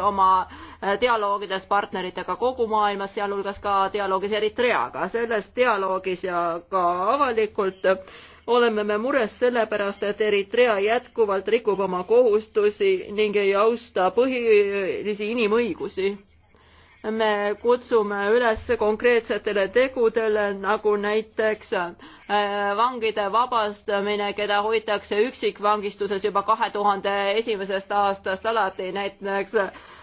oma äh, dialoogides partneritega kogu maailmas, sealhulgas ka dialoogis Eritreaga. selles dialoogis ja ka avalikult oleme me mures sellepärast, et Eritrea jätkuvalt rikub oma kohustusi ning ei austa põhilisi inimõigusi me kutsume üles konkreetsetele tegudele, nagu näiteks äh, vangide vabastamine, keda hoitakse üksikvangistuses juba kahe tuhande esimesest aastast alati, näiteks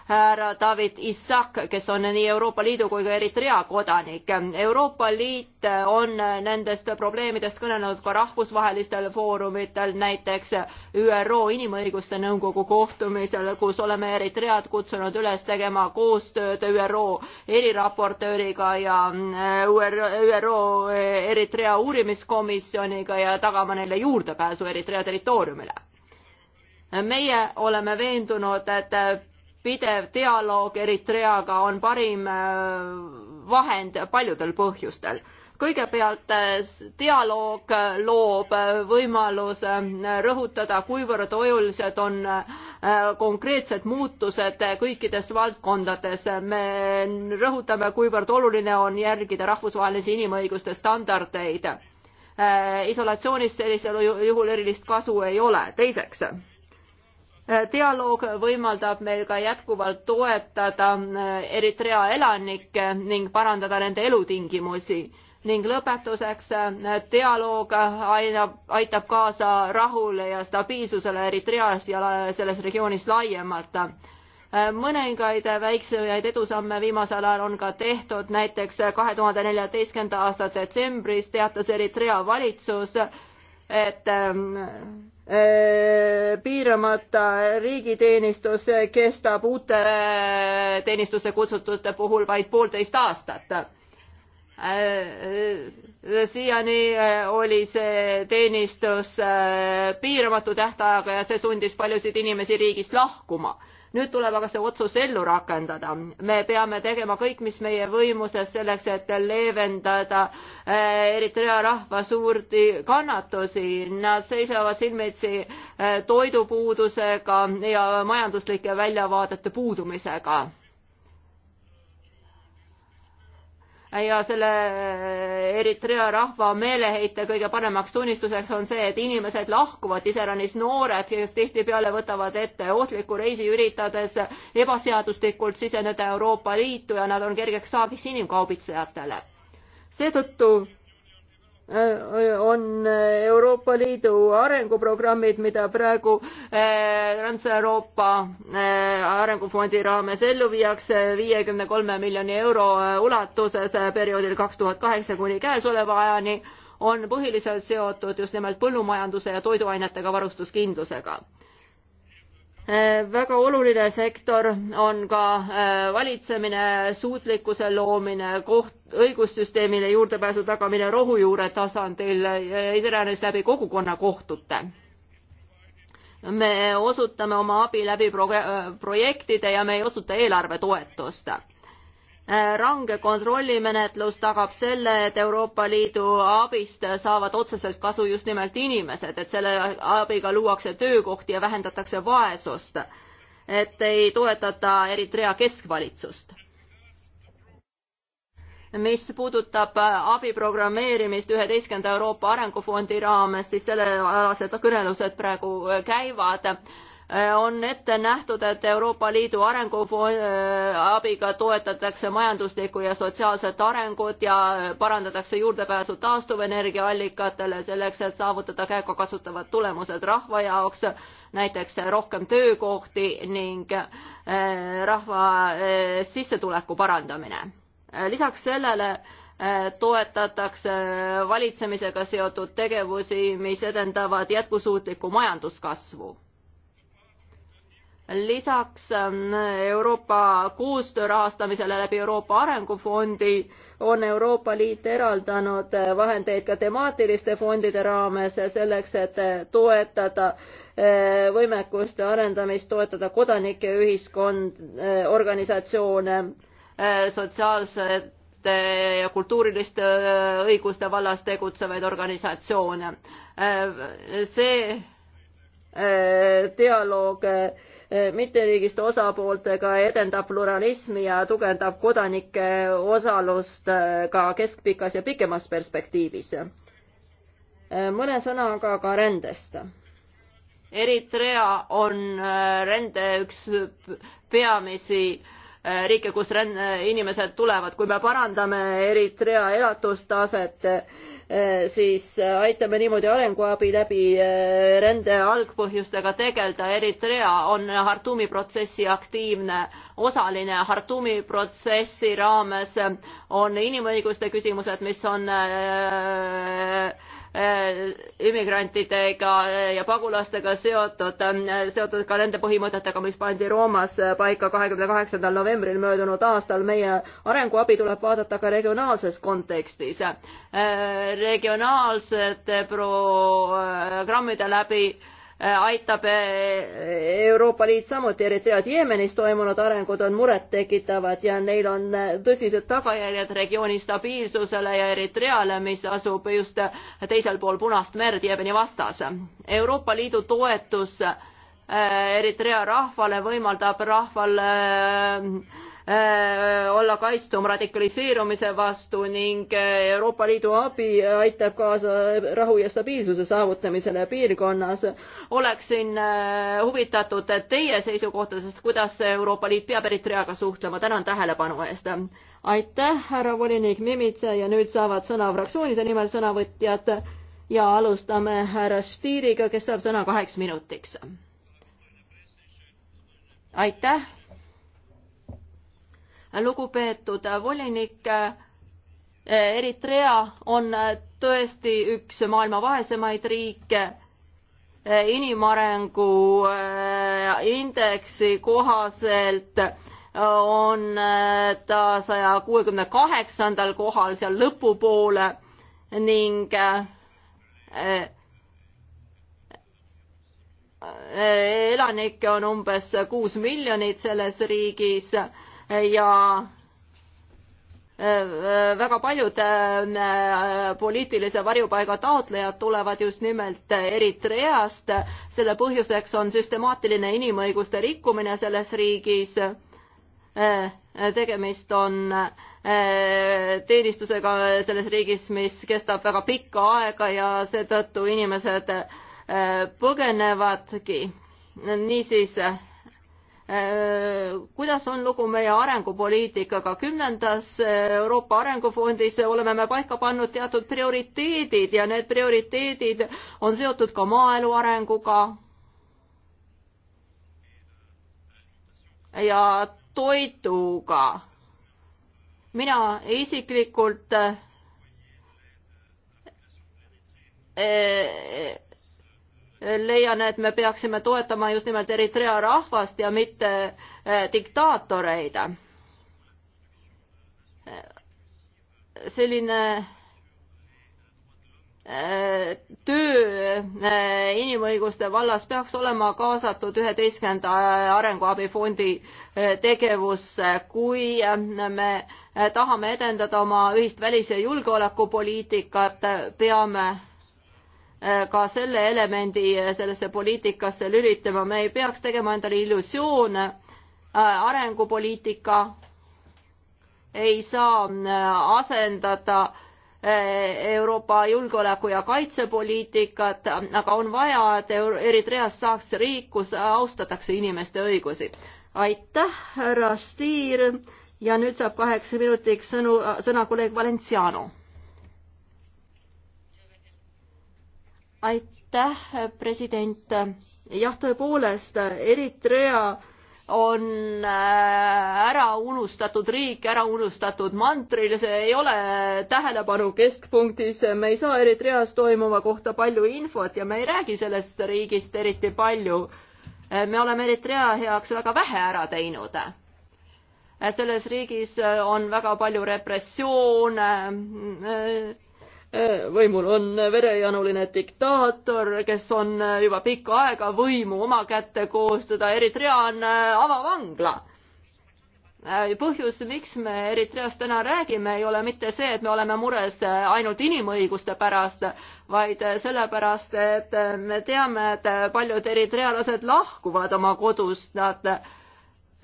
härra David Issak, kes on nii Euroopa Liidu kui ka Eritrea kodanik. Euroopa Liit on nendest probleemidest kõnelenud ka rahvusvahelistel foorumitel, näiteks ÜRO Inimõiguste Nõukogu kohtumisel, kus oleme Eritread kutsunud üles tegema koostööd ÜRO eriraportööriga ja ÜRO Eritrea uurimiskomisjoniga ja tagama neile juurdepääsu Eritrea territooriumile meie oleme veendunud, et pidev dialoog Eritreaga on parim äh, vahend paljudel põhjustel. kõigepealt äh, dialoog äh, loob võimaluse rõhutada, kuivõrd olulised on konkreetsed muutused kõikides valdkondades. me rõhutame, kuivõrd oluline on järgida rahvusvahelisi inimõiguste standardeid. isolatsioonist sellisel juhul erilist kasu ei ole. teiseks Äh, dialoog võimaldab meil ka jätkuvalt toetada äh, Eritrea elanikke ning parandada nende elutingimusi ning lõpetuseks äh, dialoog aitab, aitab kaasa rahule ja stabiilsusele Eritreas ja selles regioonis laiemalt. mõningaid väiksemaid edusamme viimasel ajal on ka tehtud, näiteks kahe tuhande neljateistkümnenda aasta detsembris teatas Eritrea valitsus, et ähm, äh, piiramata riigiteenistus kestab uute äh, teenistusse kutsutute puhul vaid poolteist aastat. Äh, siiani oli see teenistus piiramatu tähtajaga ja see sundis paljusid inimesi riigist lahkuma nüüd tuleb aga see otsus ellu rakendada. me peame tegema kõik, mis meie võimuses selleks, et leevendada eh, Eritrea rahva suurti kannatusi. Nad seisavad silmitsi eh, toidupuudusega ja majanduslike väljavaadete puudumisega ja selle äh, Eritrea rahva meeleheite kõige paremaks tunnistuseks on see, et inimesed lahkuvad, iseäranis noored, kes tihtipeale võtavad ette ohtliku reisi, üritades ebaseaduslikult siseneda Euroopa Liitu ja nad on kergeks saagiks inimkaubitsejatele. seetõttu Äh, on Euroopa Liidu arenguprogrammid, mida praegu äh, Trans-Euroopa äh, Arengufondi raames ellu viiakse viiekümne kolme miljoni euro ulatuses perioodil kaks tuhat kaheksa kuni käesoleva ajani, on põhiliselt seotud just nimelt põllumajanduse ja toiduainetega varustuskindlusega Äh, väga oluline sektor on ka äh, valitsemine, suutlikkuse loomine, koht, õigussüsteemile juurdepääsu tagamine rohujuure tasandil, äh, iseäranis läbi kogukonnakohtute me osutame oma abi läbi pro projektide ja me ei osuta eelarvetoetust Äh, range kontrollimenetlus tagab selle, et Euroopa Liidu abist saavad otseselt kasu just nimelt inimesed, et selle abiga luuakse töökohti ja vähendatakse vaesust. et ei toetata Eritrea keskvalitsust. mis puudutab abi programmeerimist üheteistkümnenda Euroopa Arengufondi raames, siis sellealased kõnelused praegu käivad on ette nähtud, et Euroopa Liidu arenguabiga toetatakse majanduslikku ja sotsiaalset arengut ja parandatakse juurdepääsu taastuvenergiaallikatele selleks, et saavutada käegakatsutavad tulemused rahva jaoks, näiteks rohkem töökohti ning eh, rahva eh, sissetuleku parandamine. lisaks sellele eh, toetatakse valitsemisega seotud tegevusi, mis edendavad jätkusuutlikku majanduskasvu lisaks ähm, Euroopa koostöö rahastamisele läbi Euroopa Arengufondi on Euroopa Liit eraldanud äh, vahendeid ka temaatiliste fondide raames selleks, et äh, toetada äh, võimekuste arendamist, toetada kodanike ühiskond, organisatsioone, sotsiaalset õiguste ja kultuuriliste õiguste vallas tegutsevaid organisatsioone. see Äh, dialoog äh, mitteriigist osapooltega edendab pluralismi ja tugevdab kodanike osalust äh, ka keskpikas ja pikemas perspektiivis. mõne sõnaga ka rändest. Eritrea on rände üks peamisi riike, kust ränn-, inimesed tulevad. kui me parandame Eritrea elatustaset, Äh, siis äh, aitame niimoodi arenguabi läbi äh, rände algpõhjustega tegeleda. Eritrea on Hartumi protsessi aktiivne osaline. Hartumi protsessi raames on inimõiguste küsimused, mis on äh, Äh, immigrantidega ja pagulastega seotud, seotud ka nende põhimõtetega, mis pandi Roomas äh, paika kahekümne kaheksandal novembril möödunud aastal. meie arenguabi tuleb vaadata ka regionaalses kontekstis. Äh, regionaalsete programmide läbi Äh, aitab äh, Euroopa Liit samuti, eriti et Jeemenis toimunud arengud on murettekitavad ja neil on äh, tõsised tagajärjed regiooni stabiilsusele ja Eritreale, mis asub just teisel pool Punast merd Jeemeni vastas. Euroopa Liidu toetus Eritrea rahvale võimaldab rahval Äh, olla kaitstum radikaliseerumise vastu ning äh, Euroopa Liidu abi aitab kaasa rahu ja stabiilsuse saavutamisele piirkonnas. oleksin äh, huvitatud teie seisukohtadest, kuidas Euroopa Liit peab Eritreaga suhtlema, tänan tähelepanu eest. aitäh, härra volinik Mimitsa ja nüüd saavad sõna fraktsioonide nimel sõnavõtjad ja alustame härra Stiiriga, kes saab sõna kaheks minutiks. aitäh lugupeetud volinik, Eritrea on tõesti üks maailma vaesemaid riike inimarengu äh, indeksi kohaselt on äh, ta saja kuuekümne kaheksandal kohal seal lõpupoole ning äh, elanikke on umbes kuus miljonit selles riigis ja äh, äh, väga paljud äh, poliitilise varjupaiga taotlejad tulevad just nimelt Eritreast. selle põhjuseks on süstemaatiline inimõiguste rikkumine selles riigis. tegemist on teenistusega selles riigis, mis kestab väga pikka aega ja seetõttu inimesed põgenevadki. niisiis Äh, kuidas on lugu meie arengupoliitikaga, kümnendas äh, Euroopa Arengufondis oleme me paika pannud teatud prioriteedid ja need prioriteedid on seotud ka maaelu arenguga ja toiduga. mina isiklikult äh, leian, et me peaksime toetama just nimelt Eritrea rahvast ja mitte eh, diktaatoreid. selline eh, töö eh, inimõiguste vallas peaks olema kaasatud üheteistkümnenda arenguabifondi tegevusse, kui me tahame edendada oma ühist välis- ja julgeolekupoliitikat, peame Äh, ka selle elemendi äh, sellesse poliitikasse lülitama, me ei peaks tegema endale illusioone, äh, arengupoliitika ei saa asendada Euroopa julgeoleku- ja kaitsepoliitikat, aga on vaja, et Eritreast saaks riik, kus austatakse inimeste õigusi. aitäh, härra Stier ja nüüd saab kaheksa minutiks sõnu, sõna kolleeg Valenciano aitäh, president. jah, tõepoolest, Eritrea on äh, ära unustatud riik, ära unustatud mantril, see ei ole tähelepanu keskpunktis, me ei saa Eritreas toimuva kohta palju infot ja me ei räägi sellest riigist eriti palju. Äh, me oleme Eritrea heaks väga vähe ära teinud. Äh, selles riigis on väga palju repressioone võimul on verejanuline diktaator, kes on juba pikka aega võimu oma kätte koostada, Eritrea on äh, avavangla. Äh, põhjus, miks me Eritreast täna räägime, ei ole mitte see, et me oleme mures äh, ainult inimõiguste pärast, vaid sellepärast, et me teame, et paljud eritrealased lahkuvad oma kodust, nad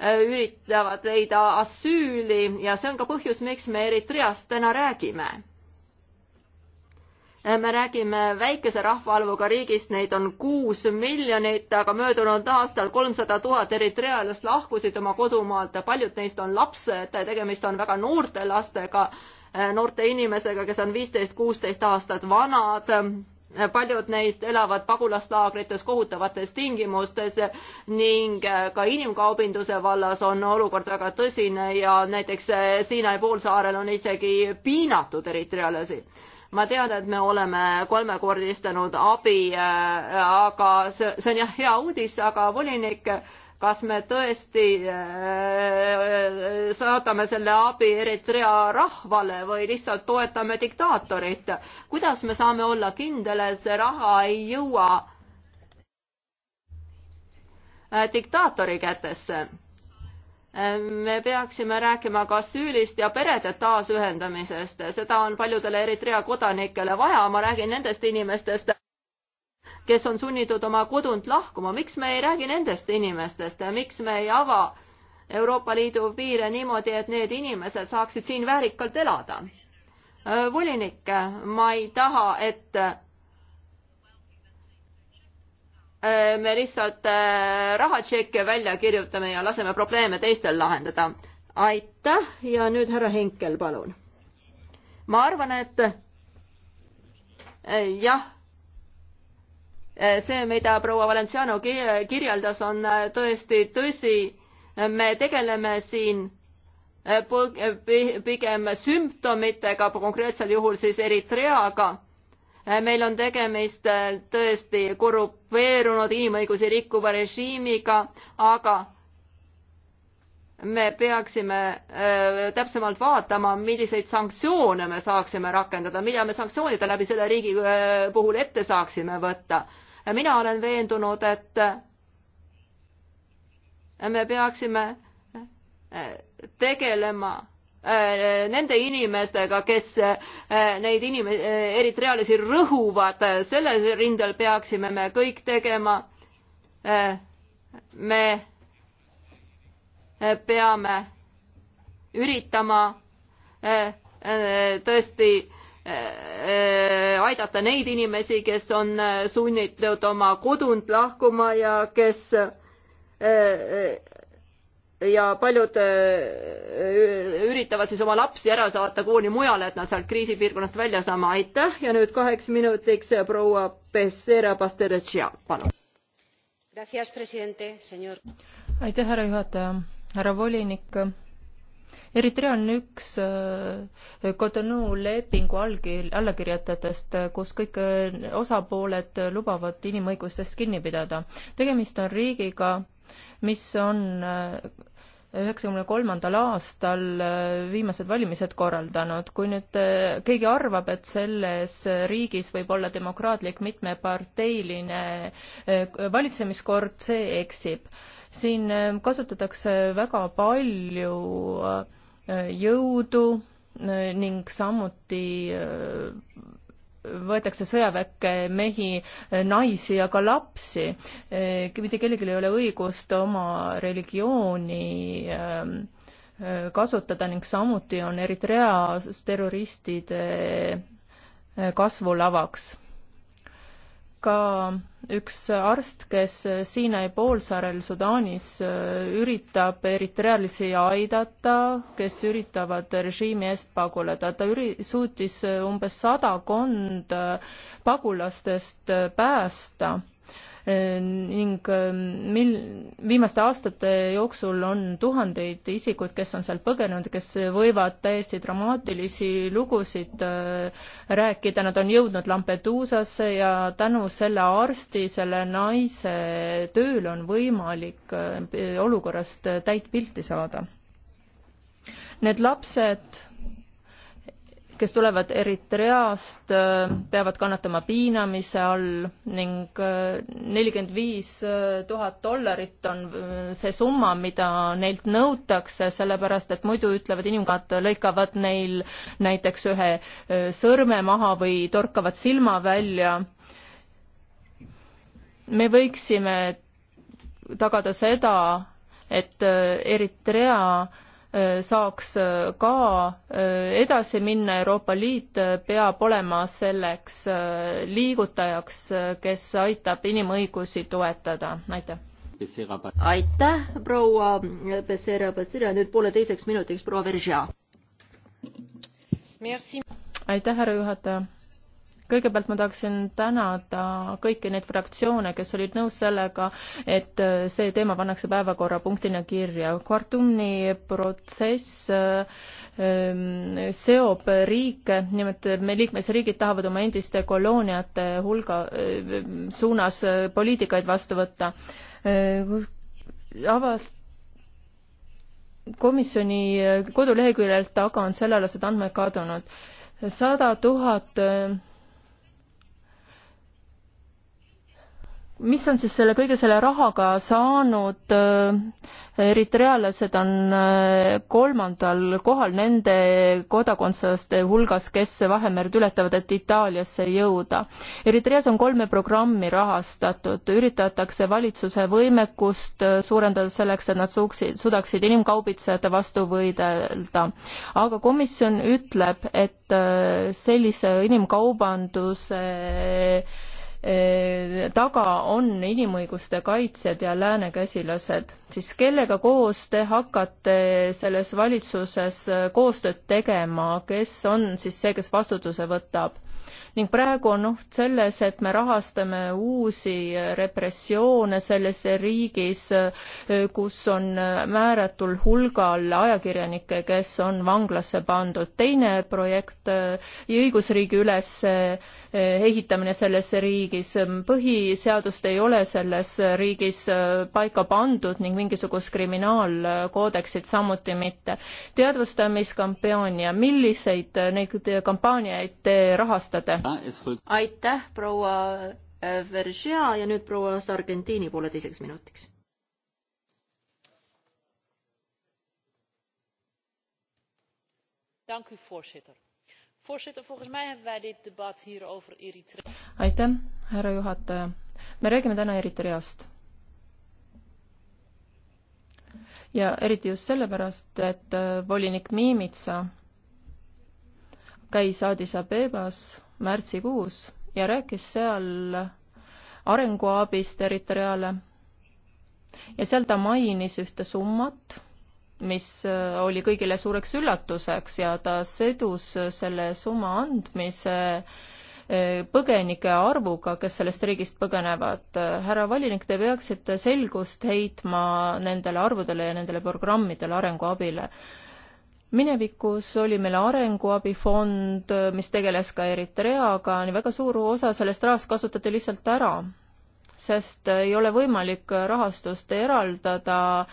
üritavad leida asüüli ja see on ka põhjus, miks me Eritreast täna räägime Äh, me räägime väikese rahvaarvuga riigist, neid on kuus miljonit, aga möödunud aastal kolmsada tuhat eritrealast lahkusid oma kodumaalt, paljud neist on lapsed, tegemist on väga noorte lastega, äh, noorte inimesega, kes on viisteist, kuusteist aastat vanad paljud neist elavad pagulaslaagrites kohutavates tingimustes ning äh, ka inimkaubinduse vallas on olukord väga tõsine ja näiteks Siinai poolsaarel on isegi piinatud eritrealasi ma tean, et me oleme kolmekordistanud abi, äh, aga see, see on jah hea uudis, aga volinik, kas me tõesti äh, saadame selle abi Eritrea rahvale või lihtsalt toetame diktaatorit? kuidas me saame olla kindel, et see raha ei jõua äh, diktaatori kätesse? me peaksime rääkima ka süülist ja perede taasühendamisest, seda on paljudele Eritrea kodanikele vaja, ma räägin nendest inimestest, kes on sunnitud oma kodunt lahkuma, miks me ei räägi nendest inimestest, miks me ei ava Euroopa Liidu piire niimoodi, et need inimesed saaksid siin väärikalt elada? volinik, ma ei taha, et Äh, me lihtsalt äh, rahatšekke välja kirjutame ja laseme probleeme teistel lahendada. aitäh ja nüüd härra Henkel, palun. ma arvan, et äh, jah, see, mida proua Valenciano kirjeldas, on tõesti tõsi. me tegeleme siin pigem sümptomitega, konkreetsel juhul siis Eritreaga Äh, meil on tegemist äh, tõesti korrupeerunud inimõigusi rikkuva režiimiga, aga me peaksime äh, täpsemalt vaatama, milliseid sanktsioone me saaksime rakendada, mida me sanktsioonide läbi selle riigi puhul ette saaksime võtta. mina olen veendunud, et me peaksime tegelema Äh, nende inimestega, kes äh, neid inim-, äh, eritrealisi rõhuvad, sellel rindel peaksime me kõik tegema. me peame üritama tõesti aidata neid inimesi, kes on sunnitud oma kodunt lahkuma ja kes ja paljud äh, üritavad siis oma lapsi ära saata kooli mujale, et nad sealt kriisipiirkonnast välja saama. aitäh ja nüüd kaheks minutiks proua Becerra Pasterecia, palun. aitäh, härra juhataja, härra volinik. Eritrea on üks äh, Cotonou lepingu allkir-, allakirjutajatest, kus kõik äh, osapooled lubavad inimõigustest kinni pidada. tegemist on riigiga, mis on äh, üheksakümne kolmandal aastal äh, viimased valimised korraldanud. kui nüüd äh, keegi arvab, et selles riigis võib olla demokraatlik mitmeparteiline valitsemiskord, see eksib. siin kasutatakse väga palju jõudu ning samuti võetakse sõjaväkke mehi, naisi ja ka lapsi. Eh, mitte kellelgi ei ole õigust oma religiooni ähm, äh, kasutada ning samuti on Eritrea terroristide äh, kasvulavaks ka üks arst, kes Siinai poolsaarel Sudaanis äh, üritab eritrealisi aidata, kes üritavad režiimi eest paguleda. ta üri-, suutis äh, umbes sadakond äh, pagulastest päästa ning ähm, mil-, viimaste aastate jooksul on tuhandeid isikuid, kes on sealt põgenenud, kes võivad täiesti dramaatilisi lugusid äh, rääkida, nad on jõudnud Lampeduusasse ja tänu selle arsti, selle naise tööle on võimalik äh, olukorrast täit pilti saada. Need lapsed kes tulevad Eritreast, peavad kannatama piinamise all ning äh, nelikümmend viis äh, tuhat dollarit on äh, see summa, mida neilt nõutakse, sellepärast et muidu ütlevad inimkad, lõikavad neil näiteks ühe sõrme maha või torkavad silma välja. me võiksime tagada seda, et Eritrea Äh, saaks äh, ka äh, edasi minna, Euroopa Liit peab olema selleks liigutajaks, kes aitab inimõigusi toetada, aitäh. aitäh, proua Becerra Becerra, nüüd pooleteiseks minutiks proua Veržia. aitäh, härra juhataja kõigepealt ma tahaksin tänada kõiki neid fraktsioone, kes olid nõus sellega, et see teema pannakse päevakorrapunktina kirja. Khartoumi protsess ähm, seob riike, nimelt me liikmesriigid tahavad oma endiste kolooniate hulga ähm, suunas poliitikaid vastu võtta. Äh, avast-, komisjoni koduleheküljelt aga on sellealased andmed kadunud. sada tuhat äh, mis on siis selle kõige selle rahaga saanud? Äh, eritrealased on äh, kolmandal kohal nende kodakondslaste hulgas, kes Vahemerd ületavad, et Itaaliasse jõuda. Eritreas on kolme programmi rahastatud, üritatakse valitsuse võimekust äh, suurendada selleks, et nad suuksid, suudaksid inimkaubitsejate vastu võidelda. aga komisjon ütleb, et sellise inimkaubanduse taga on inimõiguste kaitsjad ja lääne käsilased, siis kellega koos te hakkate selles valitsuses koostööd tegema, kes on siis see, kes vastutuse võtab? ning praegu on oht selles, et me rahastame uusi repressioone selles riigis, kus on määratul hulgal ajakirjanikke, kes on vanglasse pandud. teine projekt, õigusriigi üles eh, ehitamine selles riigis, põhiseadust ei ole selles riigis eh, paika pandud ning mingisugust kriminaalkoodeksit samuti mitte. teadvustamiskampaania, milliseid neid kampaaniaid te rahastate? juurde. aitäh, proua äh, Veržea ja nüüd proua Sargentini pooleteiseks minutiks voorzitter volgens mij hebben wij dit debat hier over eritrea. aitäh härra juhataja me räägime täna eritreast ja eriti just sellepärast et äh, volinik mimica käis addis abebas märtsikuus ja rääkis seal arenguabist Eritreale. ja seal ta mainis ühte summat, mis äh, oli kõigile suureks üllatuseks ja ta sidus selle summa andmise äh, põgenike arvuga, kes sellest riigist põgenevad. härra volinik, te peaksite selgust heitma nendele arvudele ja nendele programmidele, arenguabile minevikus oli meil arenguabifond, mis tegeles ka Eritreaga, nii väga suur osa sellest rahast kasutati lihtsalt ära sest ei ole võimalik rahastust eraldada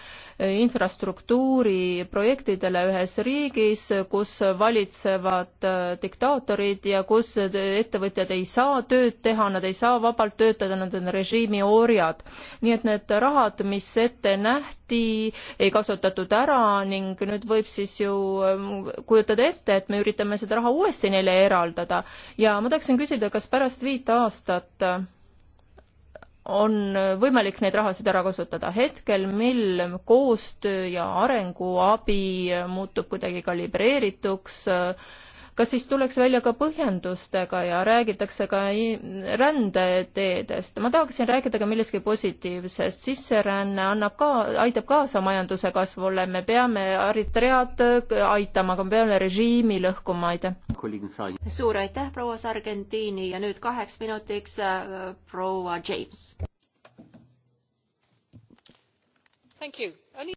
infrastruktuuriprojektidele ühes riigis, kus valitsevad diktaatorid ja kus ettevõtjad ei saa tööd teha, nad ei saa vabalt töötada, nad on režiimi orjad. nii et need rahad, mis ette nähti, ei kasutatud ära ning nüüd võib siis ju ähm, kujutada ette, et me üritame seda raha uuesti neile eraldada ja ma tahaksin küsida, kas pärast viit aastat on võimalik neid rahasid ära kasutada. hetkel, mil koostöö ja arenguabi muutub kuidagi kalibreerituks, kas siis tuleks välja ka põhjendustega ja räägitakse ka rändeteedest? ma tahaksin rääkida ka millestki positiivsest. sisseränne annab ka, aitab kaasa majanduse kasvule, me peame Eritread äh, aitama, aga me peame režiimi lõhkuma, aitäh. suur aitäh, proua Sargentini ja nüüd kaheks minutiks äh, proua James. Only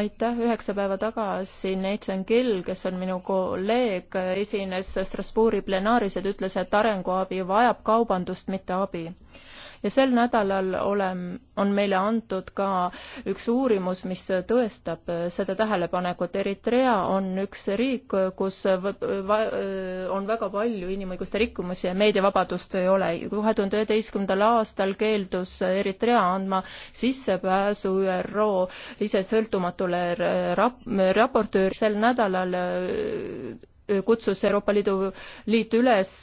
aitäh, üheksa päeva tagasi Nathan Gill, kes on minu kolleeg, esines Strasbourgi plenaaris ja ta ütles, et arenguabi vajab kaubandust, mitte abi ja sel nädalal olen, on meile antud ka üks uurimus, mis tõestab seda tähelepanekut. Eritrea on üks riik, kus on väga palju inimõiguste rikkumisi ja meediavabadust ei ole. kahe tuhande üheteistkümnendal aastal keeldus Eritrea andma sissepääsu ÜRO isesõltumatule rap-, raportööri. sel nädalal kutsus Euroopa Liidu liit üles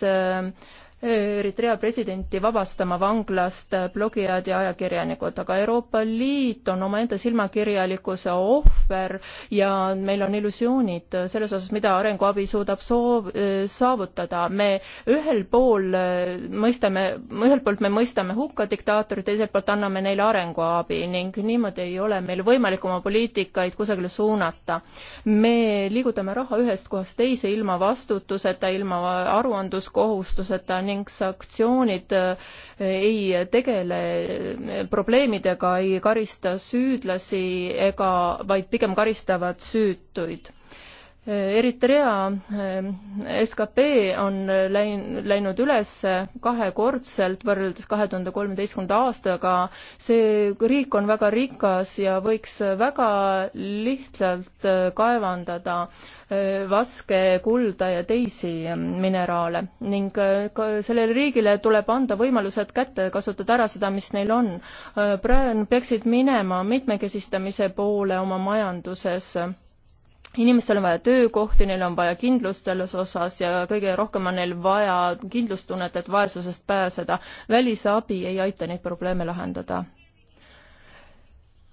Eritrea presidenti vabastama vanglast blogijad ja ajakirjanikud, aga Euroopa Liit on omaenda silmakirjalikkuse ohver ja meil on illusioonid selles osas, mida arenguabi suudab soov, saavutada. me ühel pool eh, mõistame, ühelt poolt me mõistame hukka diktaatorid, teiselt poolt anname neile arenguabi ning niimoodi ei ole meil võimalik oma poliitikaid kusagile suunata. me liigutame raha ühest kohast teise ilma vastutuseta, ilma aruandluskohustuseta ning sanktsioonid äh, ei tegele äh, probleemidega, ei karista süüdlasi ega, vaid pigem karistavad süütuid Eritrea eh, skp on läin-, läinud üles kahekordselt võrreldes kahe tuhande kolmeteistkümnenda aastaga. see riik on väga rikas ja võiks väga lihtsalt eh, kaevandada eh, vaske, kulda ja teisi mineraale ning ka sellele riigile tuleb anda võimalused kätte, kasutada ära seda, mis neil on. praegu peaksid minema mitmekesistamise poole oma majanduses inimestel on vaja töökohti, neil on vaja kindlust selles osas ja kõige rohkem on neil vaja kindlustunnet, et vaesusest pääseda. välisabi ei aita neid probleeme lahendada.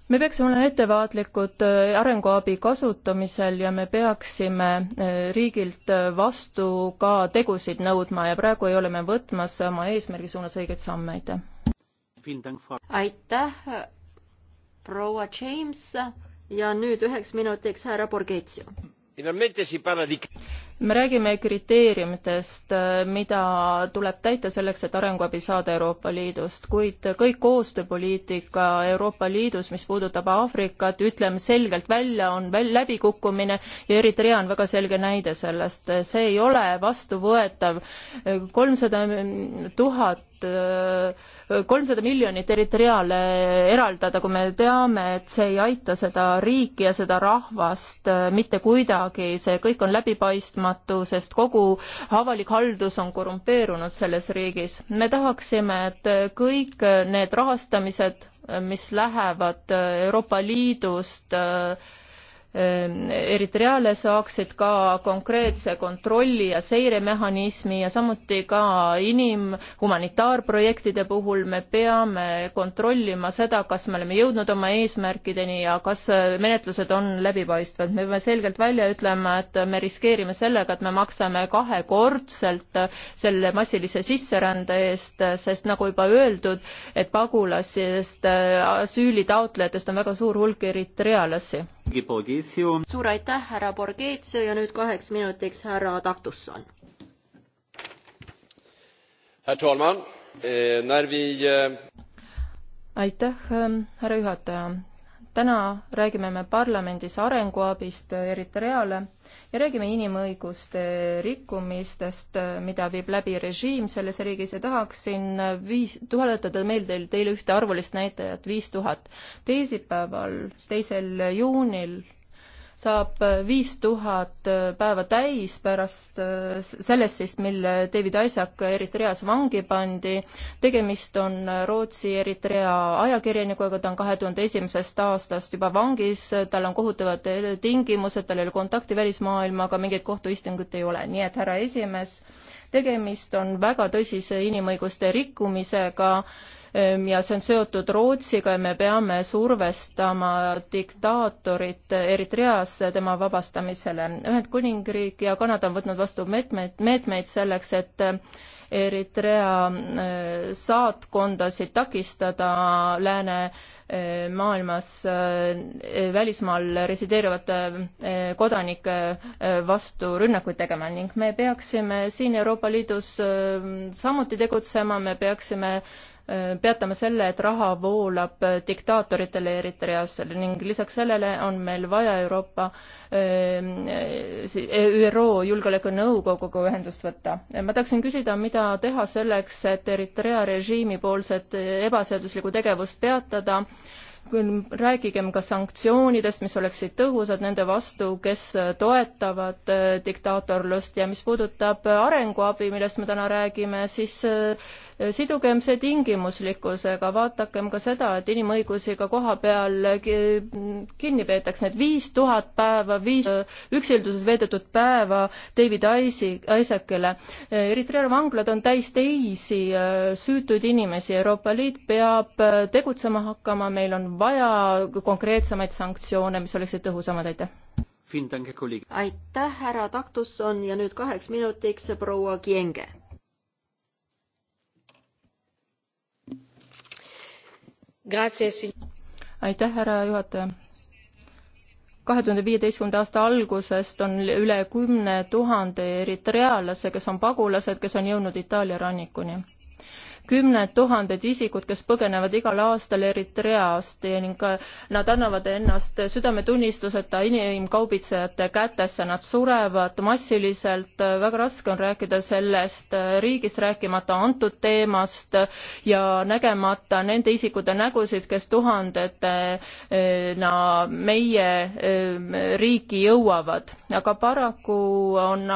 me peaksime olema ettevaatlikud äh, arenguabi kasutamisel ja me peaksime äh, riigilt äh, vastu ka tegusid nõudma ja praegu ei ole me võtmas oma eesmärgi suunas õigeid samme, aitäh. aitäh, proua James ja nüüd üheks minutiks härra Borghezio me räägime kriteeriumitest, mida tuleb täita selleks, et arenguabi saada Euroopa Liidust, kuid kõik koostööpoliitika Euroopa Liidus, mis puudutab Aafrikat, ütleme selgelt välja, on väl-, läbikukkumine ja Eritrea on väga selge näide sellest. see ei ole vastuvõetav. kolmsada tuhat kolmsada miljonit Eritreale eraldada, kui me teame, et see ei aita seda riiki ja seda rahvast mitte kuidagi, see kõik on läbipaistmatu, uskumatu, sest kogu avalik haldus on korrumpeerunud selles riigis. me tahaksime, et kõik need rahastamised, mis lähevad Euroopa Liidust Ähm, eritreale saaksid ka konkreetse kontrolli ja seiremehhanismi ja samuti ka inim-, humanitaarprojektide puhul me peame kontrollima seda, kas me oleme jõudnud oma eesmärkideni ja kas äh, menetlused on läbipaistvad. me peame selgelt välja ütlema, et me riskeerime sellega, et me maksame kahekordselt selle massilise sisserände eest, sest nagu juba öeldud, et pagulasest äh, asüülitaotlejatest on väga suur hulk eritrealasi suur aitäh, härra Borghezio ja nüüd kaheks minutiks härra Taktusson. Eh, eh, aitäh, eh, härra juhataja. täna räägime me parlamendis arenguabist Eritreale ja räägime inimõiguste rikkumistest, mida viib läbi režiim selles riigis ja tahaksin viis, tuletada meelde teile ühte arvulist näitajat, viis tuhat. teisipäeval, teisel juunil saab viis tuhat päeva täis pärast sellest siis, mil David Isaac Eritreas vangi pandi. tegemist on Rootsi-Eritrea ajakirjanikuga, ta on kahe tuhande esimesest aastast juba vangis, tal on kohutavad tingimused, tal ei ole kontakti välismaailmaga, mingit kohtuistingut ei ole, nii et härra esimees, tegemist on väga tõsise inimõiguste rikkumisega Ehm, ja see on seotud Rootsiga ja me peame survestama diktaatorit Eritreas tema vabastamisele. Ühendkuningriik ja Kanada on võtnud vastu meetmeid, meetmeid selleks, et Eritrea ehm, saatkondasid takistada lääne ehm, maailmas välismaal resideerivate kodanike vastu rünnakuid tegema ning me peaksime siin Euroopa Liidus samuti tegutsema, me peaksime Äh, peatame selle, et raha voolab äh, diktaatoritele Eritreas ning lisaks sellele on meil vaja Euroopa, äh, ÜRO Julgeolekunõukoguga ühendust võtta. ma tahaksin küsida, mida teha selleks, et Eritrea režiimi poolset ebaseaduslikku tegevust peatada, rääkigem ka sanktsioonidest, mis oleksid tõhusad nende vastu, kes toetavad diktaatorlust ja mis puudutab arenguabi, millest me täna räägime, siis sidugem see tingimuslikkusega, vaadakem ka seda, et inimõigusi ka koha peal kinni peetakse, need viis tuhat päeva, viis üksilduses veedetud päeva David Isaacile. Eritrea vanglad on täis teisi äh, süütuid inimesi, Euroopa Liit peab äh, tegutsema hakkama, meil on vaja konkreetsemaid sanktsioone, mis oleksid tõhusamad, aitäh! aitäh, härra Taktusson ja nüüd kaheks minutiks proua Kienge aitäh, härra juhataja kahe tuhande viieteistkümnenda aasta algusest on üle kümne tuhande eritrealase, kes on pagulased, kes on jõudnud Itaalia rannikuni kümned tuhanded isikud, kes põgenevad igal aastal Eritreast ning nad annavad ennast südametunnistuseta inimkaubitsejate kätesse, nad surevad massiliselt, väga raske on rääkida sellest riigist, rääkimata antud teemast ja nägemata nende isikute nägusid, kes tuhandetena meie eh, riiki jõuavad. aga paraku on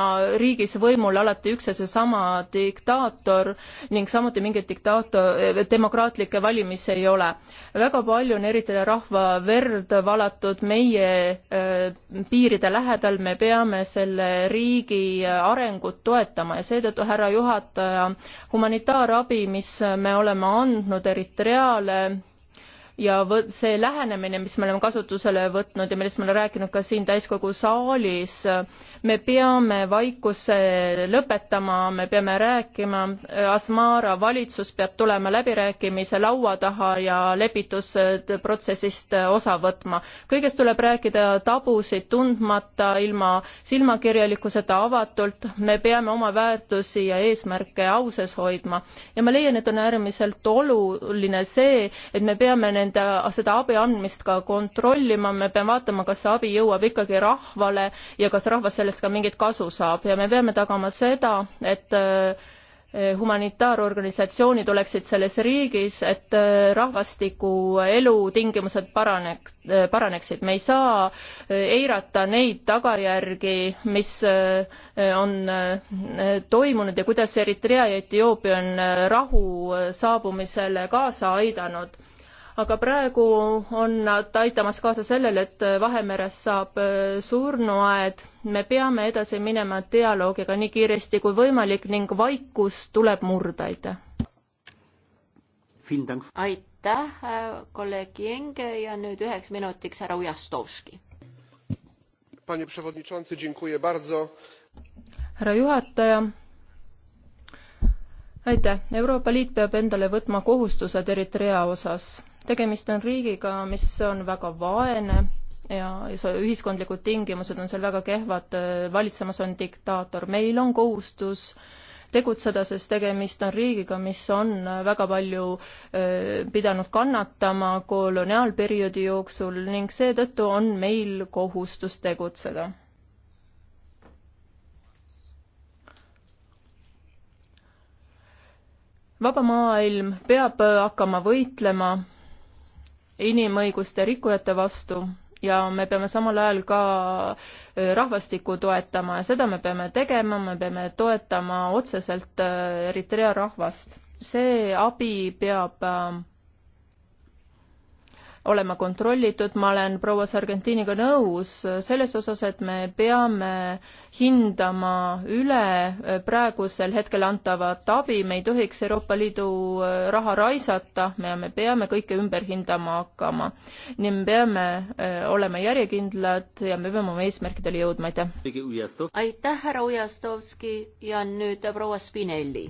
riigis võimul alati üks ja seesama diktaator ning samuti mingid diktaator, demokraatlikke valimisi ei ole. väga palju on eriti rahva verd valatud meie äh, piiride lähedal, me peame selle riigi arengut toetama ja seetõttu, härra juhataja, humanitaarabi, mis me oleme andnud Eritreale, ja võ-, see lähenemine, mis me oleme kasutusele võtnud ja millest me oleme rääkinud ka siin täiskogu saalis, me peame vaikuse lõpetama, me peame rääkima, Asmara valitsus peab tulema läbirääkimise laua taha ja lepitusprotsessist osa võtma. kõigest tuleb rääkida tabusid tundmata, ilma silmakirjalikkuseta avatult, me peame oma väärtusi ja eesmärke ausas hoidma. ja ma leian, et on äärmiselt oluline see, et me peame need nende, seda abi andmist ka kontrollima, me peame vaatama, kas see abi jõuab ikkagi rahvale ja kas rahvas sellest ka mingit kasu saab ja me peame tagama seda, et eh, humanitaarorganisatsioonid oleksid selles riigis, et eh, rahvastiku elutingimused paraneks, eh, paraneksid. me ei saa eirata neid tagajärgi, mis on toimunud ja kuidas Eritrea ja Etioopia on rahu saabumisele kaasa aidanud aga praegu on nad aitamas kaasa sellele, et Vahemeres saab äh, surnuaed. me peame edasi minema dialoogiga nii kiiresti kui võimalik ning vaikus tuleb murda, aitäh. aitäh, äh, kolleeg Jenge ja nüüd üheks minutiks härra Ujastovski. härra juhataja aitäh, Euroopa Liit peab endale võtma kohustused Eritrea osas tegemist on riigiga, mis on väga vaene ja ühiskondlikud tingimused on seal väga kehvad, valitsemas on diktaator. meil on kohustus tegutseda, sest tegemist on riigiga, mis on väga palju äh, pidanud kannatama koloniaalperioodi jooksul ning seetõttu on meil kohustus tegutseda. vaba maailm peab hakkama võitlema inimõiguste rikkujate vastu ja me peame samal ajal ka äh, rahvastikku toetama ja seda me peame tegema, me peame toetama otseselt äh, Eritrea rahvast. see abi peab äh, olema kontrollitud, ma olen proua Sargentiniga nõus selles osas, et me peame hindama üle praegusel hetkel antavat abi, me ei tohiks Euroopa Liidu äh, raha raisata, me, me peame kõike ümber hindama hakkama. nii me peame äh, olema järjekindlad ja me peame oma eesmärkidele jõudma, aitäh! aitäh, härra Ujastovski ja nüüd proua Spinelli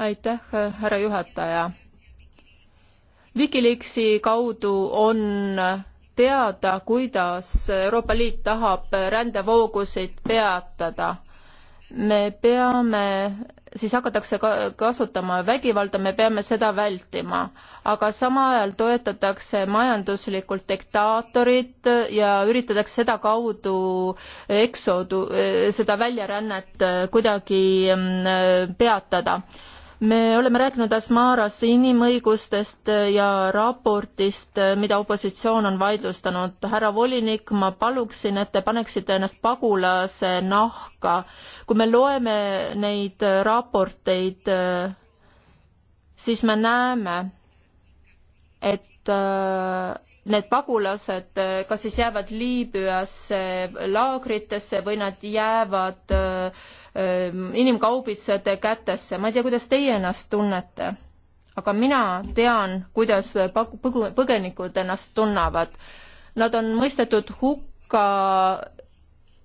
aitäh härra juhataja Wikileaksi kaudu on teada, kuidas Euroopa Liit tahab rändevoogusid peatada. me peame, siis hakatakse kasutama vägivalda, me peame seda vältima, aga samal ajal toetatakse majanduslikult diktaatorit ja üritatakse seda kaudu eksodu, seda väljarännet kuidagi mm, peatada me oleme rääkinud Asmaras inimõigustest ja raportist, mida opositsioon on vaidlustanud. härra volinik, ma paluksin, et te paneksite ennast pagulase nahka. kui me loeme neid raporteid, siis me näeme, et äh, need pagulased kas siis jäävad Liibüasse laagritesse või nad jäävad äh, Ähm, inimkaubitsejate kätesse. ma ei tea, kuidas teie ennast tunnete, aga mina tean, kuidas põgenikud ennast tunnevad. Nad on mõistetud hukka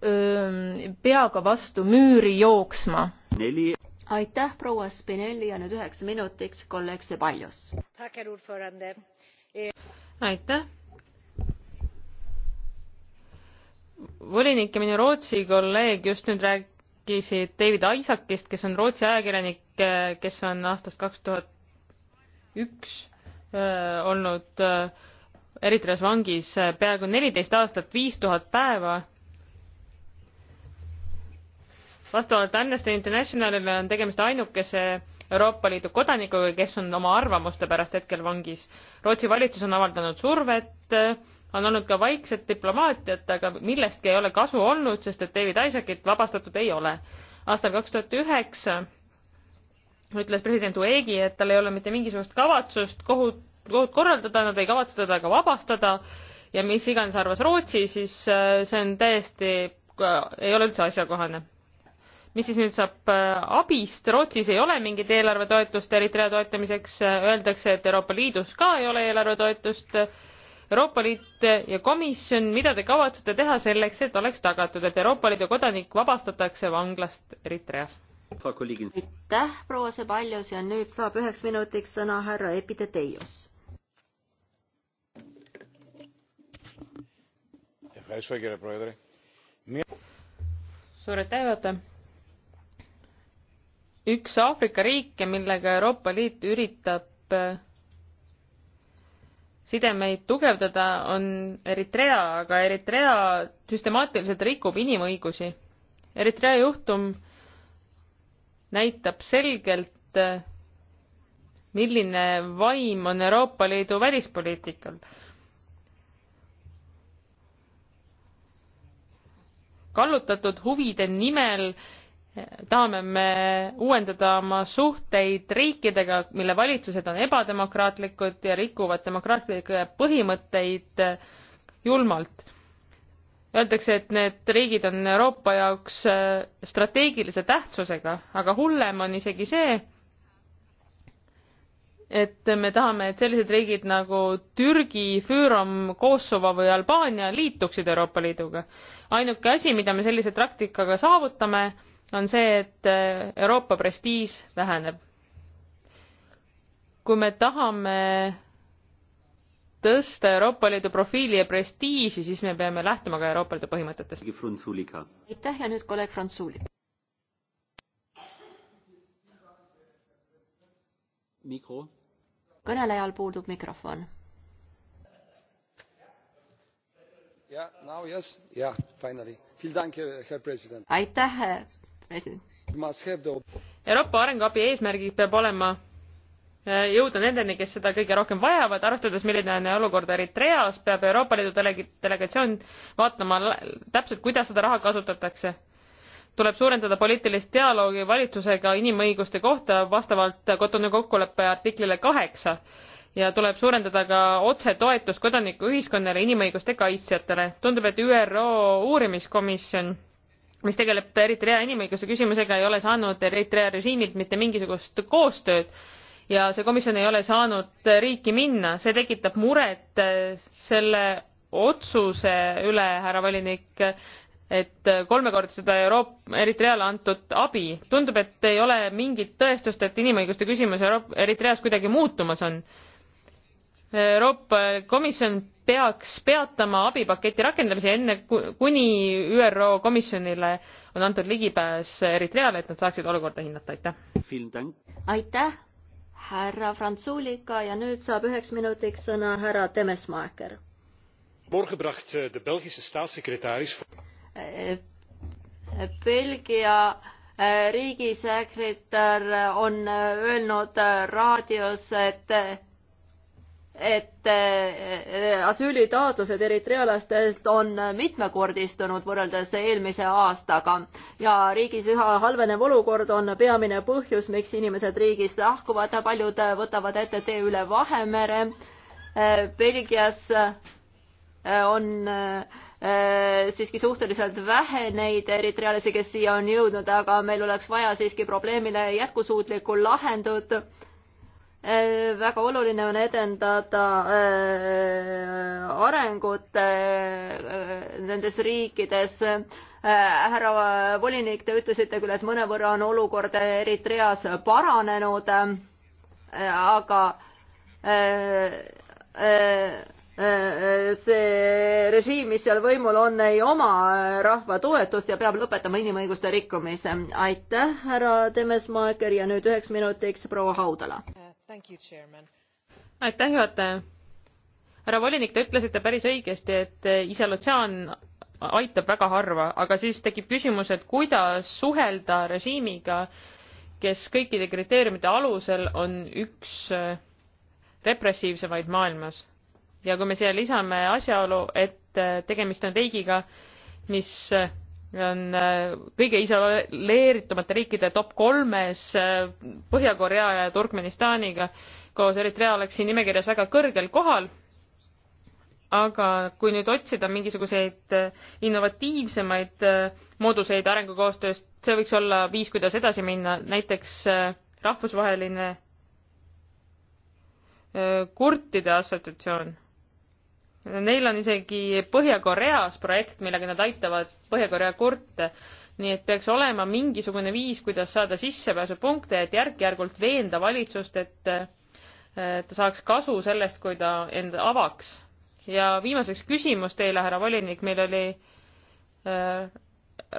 öö, ähm, peaga vastu müüri jooksma. neli aitäh, proua Spinelli ja nüüd üheks minutiks kolleeg Sebaljos. aitäh. volinik ja minu Rootsi kolleeg just nüüd rääk-, rääkisid David Isaacist, kes on Rootsi ajakirjanik, kes on aastast kaks tuhat üks äh, olnud äh, Eritreas vangis äh, peaaegu neliteist aastat, viis tuhat päeva. vastavalt Amnesty Internationalile on tegemist ainukese Euroopa Liidu kodanikuga, kes on oma arvamuste pärast hetkel vangis. Rootsi valitsus on avaldanud survet äh, on olnud ka vaikset diplomaatiat, aga millestki ei ole kasu olnud, sest et David Isaacit vabastatud ei ole. aastal kaks tuhat üheksa ütles president Uegi, et tal ei ole mitte mingisugust kavatsust kohut, kohut korraldada, nad ei kavatse teda ka vabastada ja mis iganes arvas Rootsi, siis äh, see on täiesti, äh, ei ole üldse asjakohane. mis siis nüüd saab äh, abist, Rootsis ei ole mingit eelarvetoetust Eritrea toetamiseks, öeldakse, et Euroopa Liidus ka ei ole eelarvetoetust Euroopa Liit ja komisjon, mida te kavatsete teha selleks, et oleks tagatud, et Euroopa Liidu kodanik vabastatakse vanglast Eritreas? aitäh, proua Sebaljus ja nüüd saab üheks minutiks sõna härra Epiteteios. suur aitäh, juhataja üks Aafrika riike, millega Euroopa Liit üritab äh, sidemeid tugevdada, on Eritrea, aga Eritrea süstemaatiliselt rikub inimõigusi. Eritrea juhtum näitab selgelt, milline vaim on Euroopa Liidu välispoliitikal. kallutatud huvide nimel tahame me uuendada oma suhteid riikidega, mille valitsused on ebademokraatlikud ja rikuvad demokraatlikke põhimõtteid julmalt. Öeldakse, et need riigid on Euroopa jaoks äh, strateegilise tähtsusega, aga hullem on isegi see, et me tahame, et sellised riigid nagu Türgi, Füürom, Kosovo või Albaania liituksid Euroopa Liiduga. ainuke asi, mida me sellise praktikaga saavutame, on see, et äh, Euroopa prestiiž väheneb. kui me tahame tõsta Euroopa Liidu profiili ja prestiiži, siis me peame lähtuma ka Euroopa Liidu põhimõtetest. aitäh ja nüüd kolleeg Frantsuuli. mikro. kõnelejal puudub mikrofon. aitäh, Euroopa arenguabi eesmärgid peab olema eh, jõuda nendeni, kes seda kõige rohkem vajavad, arvestades, milline on olukord Eritreas, peab Euroopa Liidu dele-, delegatsioon vaatama täpselt, kuidas seda raha kasutatakse. tuleb suurendada poliitilist dialoogi valitsusega inimõiguste kohta vastavalt Cotonou kokkuleppe artiklile kaheksa ja tuleb suurendada ka otsetoetust kodanikuühiskonnale, inimõiguste kaitsjatele. tundub, et ÜRO uurimiskomisjon mis tegeleb Eritrea inimõiguste küsimusega, ei ole saanud Eritrea režiimilt mitte mingisugust koostööd ja see komisjon ei ole saanud riiki minna, see tekitab muret eh, selle otsuse üle, härra volinik, et kolmekordseda Euroop-, Eritreale antud abi. tundub, et ei ole mingit tõestust, et inimõiguste küsimus Euroop-, Eritreas kuidagi muutumas on Euroopa Komisjon peaks peatama abipaketi rakendamise enne, kuni ÜRO komisjonile on antud ligipääs Eritreale, et nad saaksid olukorda hinnata, aitäh. aitäh, härra Frantsuulika ja nüüd saab üheks minutiks sõna härra Temesmaeker. Eh, eh, Belgia eh, riigisekretär on öelnud raadios, et et eh, asüülitaotlused eritrealastelt on mitmekordistunud võrreldes eelmise aastaga ja riigis üha halvenev olukord on peamine põhjus, miks inimesed riigist lahkuvad, paljud võtavad ette tee üle Vahemere. Eh, Belgias eh, on siiski suhteliselt vähe neid eritrealasi, kes siia on jõudnud, aga meil oleks vaja siiski probleemile jätkusuutlikku lahendut Äh, väga oluline on edendada äh, arengut äh, nendes riikides. härra volinik, te ütlesite küll, et mõnevõrra on olukord Eritreas paranenud, aga see režiim, mis seal võimul on, ei oma rahva toetust ja peab lõpetama inimõiguste rikkumise. aitäh, härra Temesmaeker ja nüüd üheks minutiks proua Haudala aitäh, juhataja. härra volinik, te ütlesite päris õigesti, et eh, isolatsioon aitab väga harva, aga siis tekib küsimus, et kuidas suhelda režiimiga, kes kõikide kriteeriumite alusel on üks eh, repressiivsemaid maailmas. ja kui me siia lisame asjaolu, et eh, tegemist on riigiga, mis on äh, kõige isoleeritumate riikide top kolmes äh, Põhja-Korea ja Turkmenistaniga koos Eritrea oleks siin nimekirjas väga kõrgel kohal. aga kui nüüd otsida mingisuguseid äh, innovatiivsemaid mooduseid arengukoostööst, see võiks olla viis, kuidas edasi minna, näiteks rahvusvaheline kurtide assotsiatsioon Neil on isegi Põhja-Koreas projekt, millega nad aitavad Põhja-Korea kurte, nii et peaks olema mingisugune viis, kuidas saada sissepääsupunkte, et järk-järgult veenda valitsust, et ta saaks kasu sellest, kui ta end avaks. ja viimaseks küsimus teile, härra volinik, meil oli äh,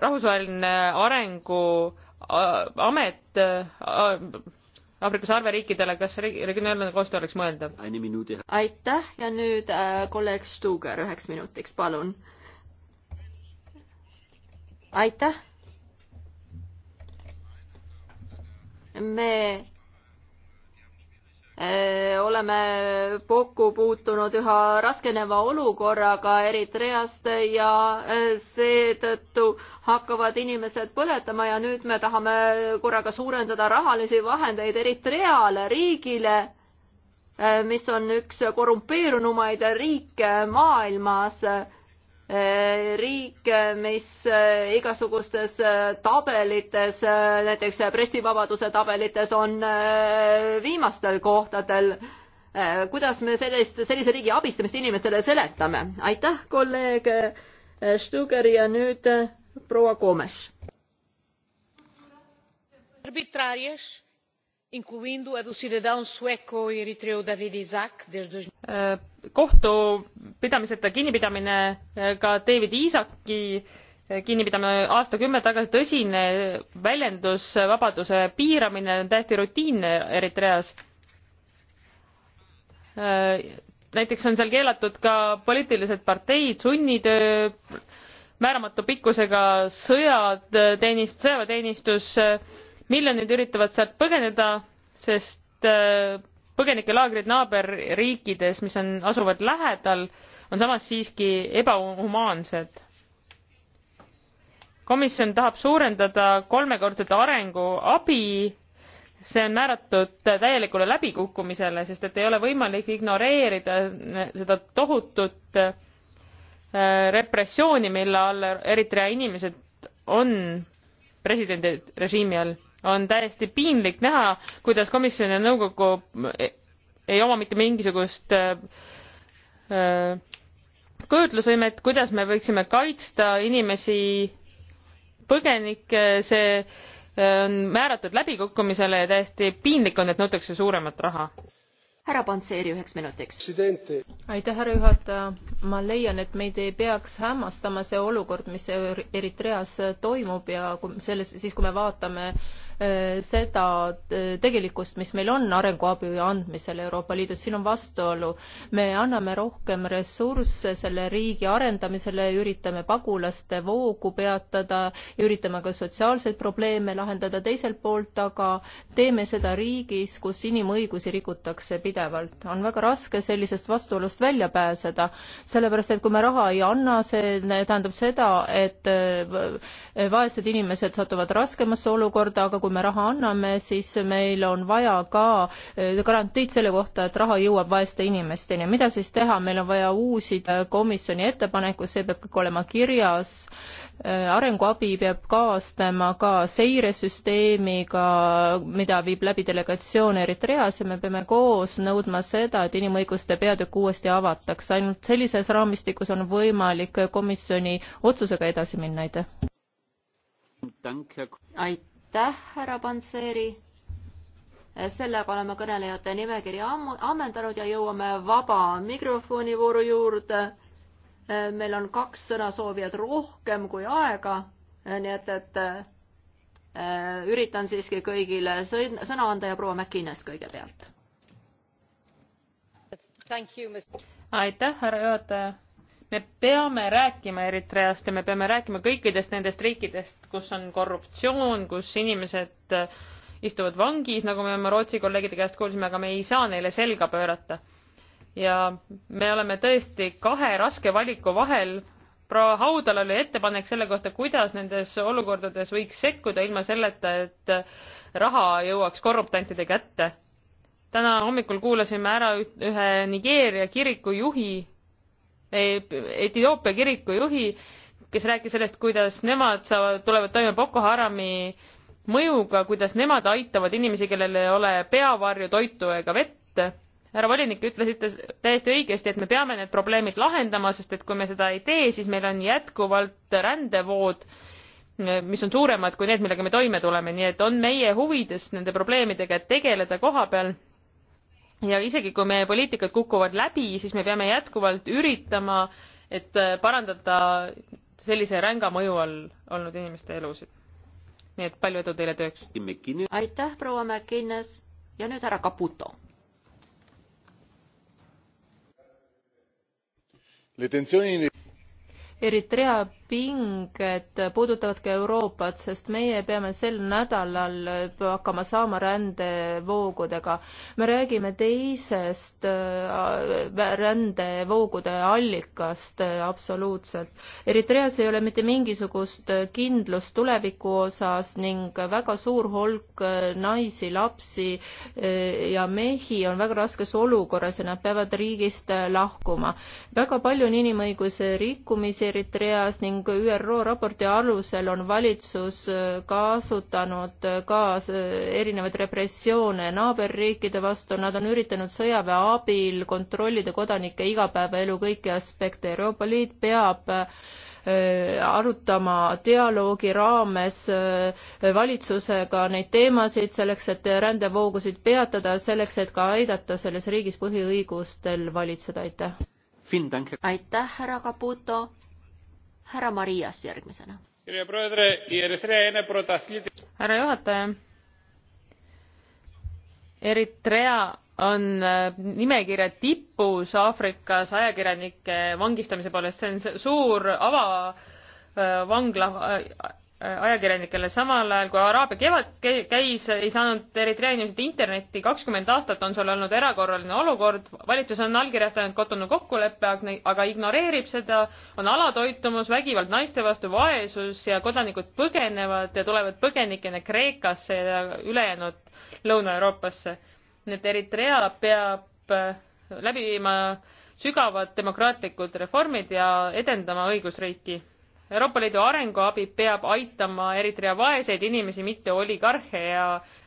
rahvusvaheline arenguamet äh, äh Aafrika sarveriikidele, kas regionaalne koostöö oleks mõeldav? aitäh ja nüüd äh, kolleeg Stuger üheks minutiks, palun. aitäh. me äh, oleme kokku puutunud üha raskeneva olukorraga Eritreast ja äh, seetõttu hakkavad inimesed põletama ja nüüd me tahame korraga suurendada rahalisi vahendeid Eritreale, riigile, äh, mis on üks korrumpeerunumaid riike maailmas äh, riik, mis igasugustes tabelites, näiteks pressivabaduse tabelites on viimastel kohtadel Äh, kuidas me sellist, sellise riigi abistamist inimestele seletame? aitäh, kolleeg äh, Stuger ja nüüd äh, proua Gomes. arbitrárias incluindo a do cidadão sueco e eritreu David Isaac desde kohtupidamiseta kinnipidamine ka David Isaki kinnipidamine aastakümme tagasi tõsine väljendusvabaduse piiramine on täiesti rutiinne Eritreas Äh, näiteks on seal keelatud ka poliitilised parteid, sunnitöö, määramatu pikkusega sõjateenist, äh, sõjaväeteenistus, äh, miljonid üritavad sealt põgeneda, sest põgenikelaagrid naaberriikides, mis on, asuvad lähedal, on samas siiski ebahumaansed. komisjon tahab suurendada kolmekordset arenguabi see on määratud täielikule läbikukkumisele, sest et ei ole võimalik ignoreerida seda tohutut äh, repressiooni, mille all Eritrea inimesed on presidendi režiimi all. on täiesti piinlik näha, kuidas komisjon ja nõukogu ei oma mitte mingisugust äh, äh, kujutlusvõimet, kuidas me võiksime kaitsta inimesi, põgenikke, see on määratud läbikukkumisele ja täiesti piinlik on, et nõutakse suuremat raha härra Panseri üheks minutiks. aitäh, härra juhataja. ma leian, et meid ei peaks hämmastama see olukord, mis Eritreas toimub ja kui selles, siis kui me vaatame äh, seda tegelikkust, mis meil on arenguabi andmisel Euroopa Liidus, siin on vastuolu. me anname rohkem ressursse selle riigi arendamisele, üritame pagulaste voogu peatada, üritame ka sotsiaalseid probleeme lahendada teiselt poolt, aga teeme seda riigis, kus inimõigusi rikutakse pidevalt. on väga raske sellisest vastuolust välja pääseda, sellepärast et kui me raha ei anna, see tähendab seda, et vaesed inimesed satuvad raskemasse olukorda, aga kui kui me raha anname, siis meil on vaja ka eh, garantiid selle kohta, et raha jõuab vaeste inimesteni. mida siis teha, meil on vaja uusi eh, komisjoni ettepanekuid, see peab kõik olema kirjas, eh, arenguabi peab kaasnema ka seiresüsteemiga, mida viib läbi delegatsioon Eritreas ja me peame koos nõudma seda, et inimõiguste peatükk uuesti avatakse. ainult sellises raamistikus on võimalik komisjoni otsusega edasi minna, aitäh! aitäh! aitäh, härra Panseri. sellega oleme kõnelejate nimekirja ammendanud ja jõuame vaba mikrofoni vooru juurde. meil on kaks sõnasoovijat rohkem kui aega, nii et, et eh, üritan siiski kõigile sõna anda ja proua Mäkines kõigepealt. aitäh, härra juhataja me peame rääkima Eritreast ja me peame rääkima kõikidest nendest riikidest, kus on korruptsioon, kus inimesed äh, istuvad vangis, nagu me oma Rootsi kolleegide käest kuulsime, aga me ei saa neile selga pöörata. ja me oleme tõesti kahe raske valiku vahel. proua Haudal oli ettepanek selle kohta, kuidas nendes olukordades võiks sekkuda ilma selleta, et äh, raha jõuaks korruptantide kätte. täna hommikul kuulasime ära ühe Nigeeria kiriku juhi Etioopia kiriku juhi, kes rääkis sellest, kuidas nemad saavad, tulevad toime Boko Harami mõjuga, kuidas nemad aitavad inimesi, kellel ei ole peavarju, toitu ega vett. härra volinik, ütlesite täiesti õigesti, et me peame need probleemid lahendama, sest et kui me seda ei tee, siis meil on jätkuvalt rändevood, mis on suuremad kui need, millega me toime tuleme, nii et on meie huvides nende probleemidega tegeleda koha peal ja isegi kui meie poliitikad kukuvad läbi, siis me peame jätkuvalt üritama, et äh, parandada sellise ränga mõju all olnud inimeste elusid. nii et palju edu teile tööks! aitäh, proua McInnes ja nüüd härra Caputo. le tensioni Eritrea pinged puudutavad ka Euroopat, sest meie peame sel nädalal hakkama saama rändevoogudega. me räägime teisest äh, rändevoogude allikast äh, absoluutselt. Eritreas ei ole mitte mingisugust kindlust tuleviku osas ning väga suur hulk äh, naisi, lapsi ja mehi on väga raskes olukorras ja nad peavad riigist lahkuma. väga palju on inimõiguse rikkumisi Eritreas ning ÜRO raporti alusel on valitsus äh, kasutanud äh, ka äh, erinevaid repressioone naaberriikide vastu, nad on üritanud sõjaväe abil kontrollida kodanike igapäevaelu kõiki aspekte, Euroopa Liit peab arutama dialoogi raames valitsusega neid teemasid, selleks et rändevoogusid peatada, selleks et ka aidata selles riigis põhiõigustel valitseda, aitäh! aitäh, härra Caputo! härra Marias järgmisena. härra juhataja. Eritrea on äh, nimekirja tipus Aafrikas ajakirjanike vangistamise poolest, see on suur avavangla äh, äh, Äh, ajakirjanikele samal ajal, kui Araabia kevad käis, ei saanud Eritrea inimesed internetti, kakskümmend aastat on seal olnud erakorraline olukord, valitsus on allkirjastanud Cotonou kokkuleppe, aga ignoreerib seda, on alatoitumus, vägivald naiste vastu, vaesus ja kodanikud põgenevad ja tulevad põgenikena Kreekasse ja ülejäänud Lõuna-Euroopasse. nii et Eritrea peab äh, läbi viima sügavad demokraatlikud reformid ja edendama õigusriiki Euroopa Liidu arenguabi peab aitama Eritrea vaeseid inimesi, mitte oligarhe ja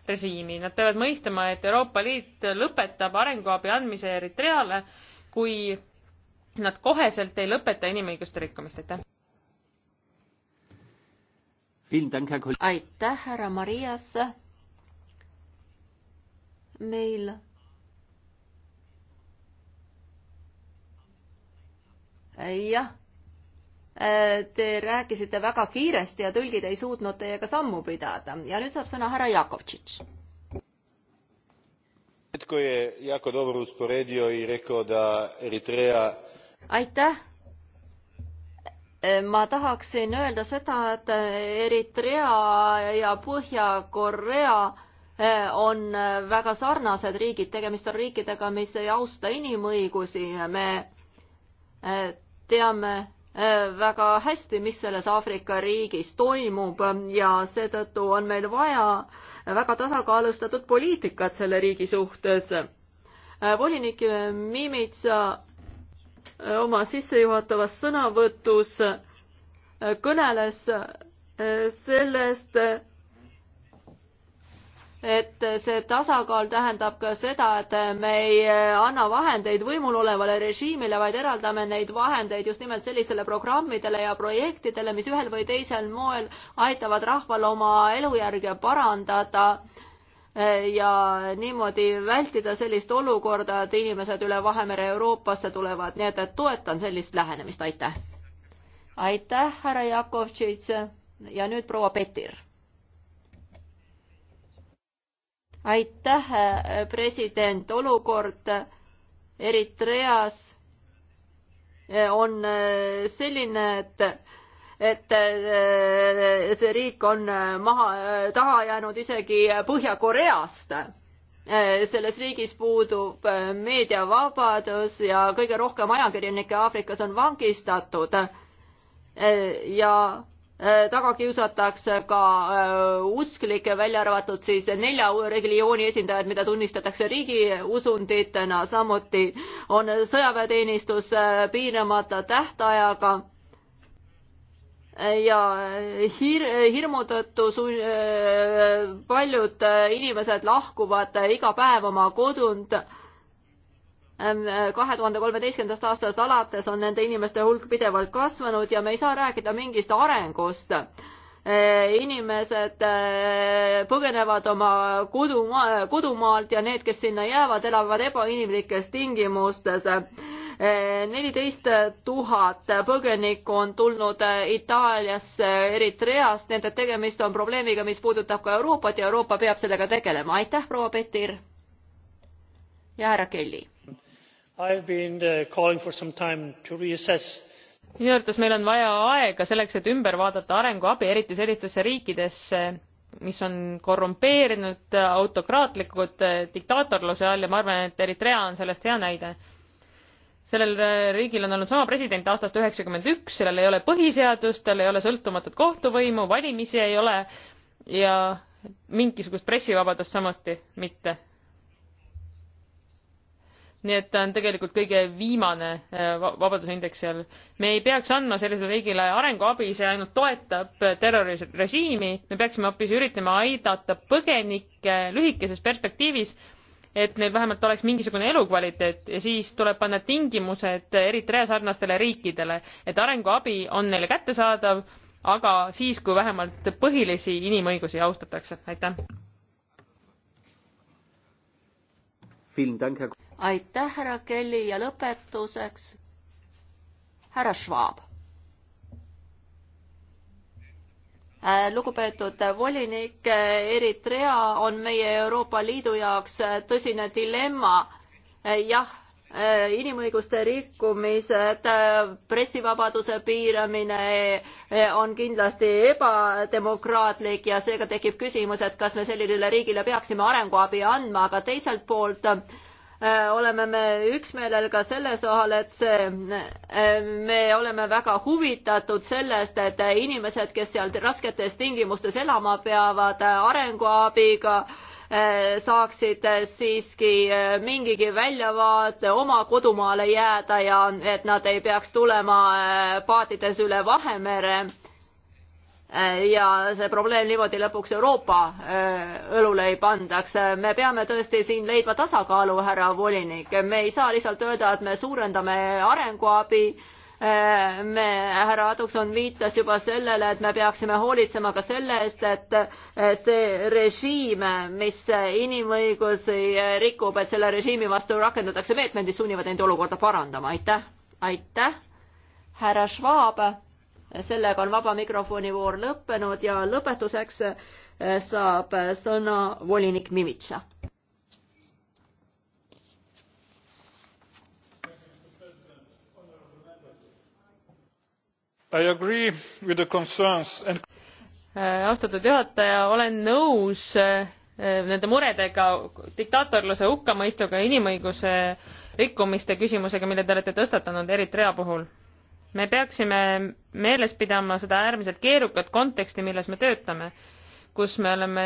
režiimi. Nad peavad mõistama, et Euroopa Liit lõpetab arenguabi andmise Eritreale, kui nad koheselt ei lõpeta inimõiguste rikkumist, aitäh. aitäh, härra Marias. meil jah Te rääkisite väga kiiresti ja tõlgid ei suutnud teiega sammu pidada ja nüüd saab sõna härra Jakovtšitš. aitäh. ma tahaksin öelda seda, et Eritrea ja Põhja-Korea on väga sarnased riigid, tegemist on riikidega, mis ei austa inimõigusi, me teame Äh, väga hästi, mis selles Aafrika riigis toimub äh, ja seetõttu on meil vaja väga tasakaalustatud poliitikat selle riigi suhtes. Äh, volinik Mimitsa oma sissejuhatavas sõnavõtus kõneles sellest, et see tasakaal tähendab ka seda, et me ei anna vahendeid võimul olevale režiimile, vaid eraldame neid vahendeid just nimelt sellistele programmidele ja projektidele, mis ühel või teisel moel aitavad rahval oma elujärge parandada ja niimoodi vältida sellist olukorda, et inimesed üle Vahemere Euroopasse tulevad, nii et, et toetan sellist lähenemist, aitäh! aitäh, härra Jakovtšits ja nüüd proua Petir aitäh, äh, president, olukord Eritreas äh, on äh, selline, et et see riik on maha, taha jäänud isegi Põhja-Koreast. selles riigis puudub meediavabadus ja kõige rohkem ajakirjanikke Aafrikas on vangistatud. ja Äh, taga kiusatakse ka äh, usklikke, välja arvatud siis nelja religiooni esindajad, mida tunnistatakse riigiusunditena, samuti on sõjaväeteenistus äh, piiramata tähtajaga ja hir-, hirmu tõttu su-, paljud inimesed lahkuvad iga päev oma kodunt Ähm, äh, kahe tuhande kolmeteistkümnendast aastast alates on nende inimeste hulk pidevalt kasvanud ja me ei saa rääkida mingist arengust. Äh, inimesed äh, põgenevad oma kodumaa, kodumaalt ja need, kes sinna jäävad, elavad ebainimlikes tingimustes neliteist tuhat põgenikku on tulnud Itaaliasse Eritreast, nii et, et tegemist on probleemiga, mis puudutab ka Euroopat ja Euroopa peab sellega tegelema. aitäh, proua Petir. ja härra Kelly Uh, minu arvates meil on vaja aega selleks et ümber vaadata arenguabi eriti sellistesse riikidesse mis on korrumpeerunud autokraatlikud äh, diktaatorluse all ja ma arvan et eritrea on sellest hea näide sellel äh, riigil on olnud sama president aastast üheksakümmend üks sellel ei ole põhiseadust tal ei ole sõltumatut kohtuvõimu valimisi ei ole ja mingisugust pressivabadust samuti mitte nii et ta on tegelikult kõige viimane äh, vabadusindeks seal. me ei peaks andma sellisele riigile arenguabi, see ainult toetab terrorirežiimi, me peaksime hoopis üritama aidata põgenikke lühikeses perspektiivis, et neil vähemalt oleks mingisugune elukvaliteet ja siis tuleb panna tingimused Eritrea sarnastele riikidele, et arenguabi on neile kättesaadav, aga siis, kui vähemalt põhilisi inimõigusi austatakse. aitäh! aitäh, härra Kelly ja lõpetuseks härra Schwab. Äh, lugupeetud volinik, äh, Eritrea on meie Euroopa Liidu jaoks äh, tõsine dilemma. jah, inimõiguste rikkumised, pressivabaduse piiramine on kindlasti ebademokraatlik ja seega tekib küsimus, et kas me sellisele riigile peaksime arenguabi andma, aga teiselt poolt äh, Äh, oleme me üksmeelel ka selles osas, et see, äh, me oleme väga huvitatud sellest, et inimesed, kes seal rasketes tingimustes elama peavad, äh, arenguabiga saaksid siiski mingigi väljavaate oma kodumaale jääda ja et nad ei peaks tulema paatides üle Vahemere Äh, ja see probleem niimoodi lõpuks Euroopa äh, õlule ei pandaks. me peame tõesti siin leidma tasakaalu, härra volinik, me ei saa lihtsalt öelda, et me suurendame arenguabi äh, me, härra Adukson viitas juba sellele, et me peaksime hoolitsema ka selle eest, et see režiim, mis inimõigusi rikub, et selle režiimi vastu rakendatakse meetmed, mis sunnivad nende olukorda parandama, aitäh. aitäh, härra Schwab sellega on vaba mikrofoni voor lõppenud ja lõpetuseks eh, saab sõna volinik Mimitsa. I agree with the concerns and eh, austatud juhataja, olen nõus eh, nende muredega, diktaatorluse hukkamõistuga, inimõiguse rikkumiste küsimusega, mille te olete tõstatanud Eritrea puhul me peaksime meeles pidama seda äärmiselt keerukat konteksti, milles me töötame, kus me oleme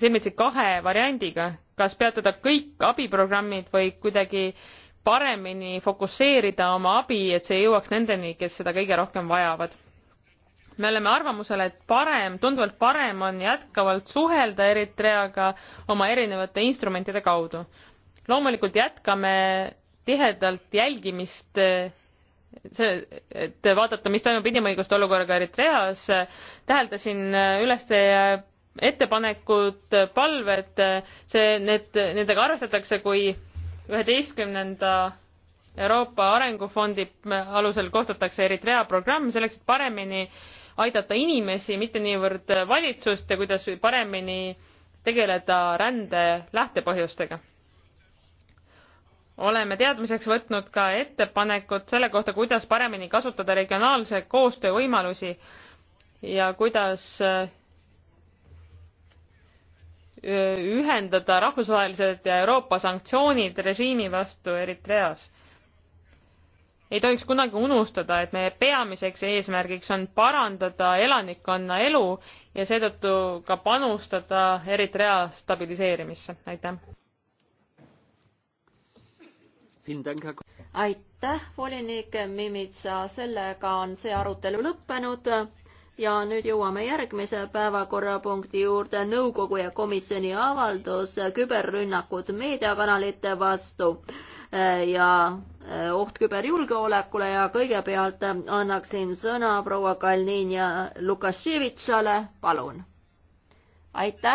silmitsi kahe variandiga, kas peatada kõik abiprogrammid või kuidagi paremini fokusseerida oma abi, et see jõuaks nendeni, kes seda kõige rohkem vajavad. me oleme arvamusel, et parem, tunduvalt parem on jätkavalt suhelda Eritreaga oma erinevate instrumentide kaudu. loomulikult jätkame tihedalt jälgimist see, et vaadata, mis toimub inimõiguste olukorraga Eritreas, täheldasin üles teie ettepanekud, palved, see, need, nendega arvestatakse, kui üheteistkümnenda Euroopa Arengufondi alusel koostatakse Eritrea programm selleks, et paremini aidata inimesi, mitte niivõrd valitsust ja kuidas paremini tegeleda rände lähtepõhjustega oleme teadmiseks võtnud ka ettepanekud selle kohta, kuidas paremini kasutada regionaalse koostöö võimalusi ja kuidas äh, ühendada rahvusvahelised ja Euroopa sanktsioonid režiimi vastu Eritreas. ei tohiks kunagi unustada, et meie peamiseks eesmärgiks on parandada elanikkonna elu ja seetõttu ka panustada Eritrea stabiliseerimisse. aitäh! aitäh, volinik Mimitsa, sellega on see arutelu lõppenud ja nüüd jõuame järgmise päevakorrapunkti juurde, nõukogu ja komisjoni avaldus küberrünnakud meediakanalite vastu ja eh, oht küberjulgeolekule ja kõigepealt annaksin sõna proua Kalninja Lukaševitšale, palun. aitäh.